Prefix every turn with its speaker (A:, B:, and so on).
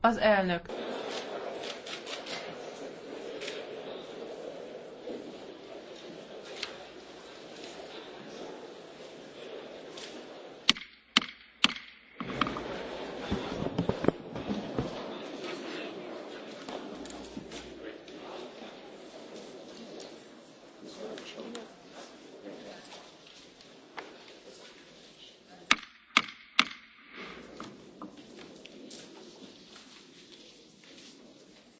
A: az elnök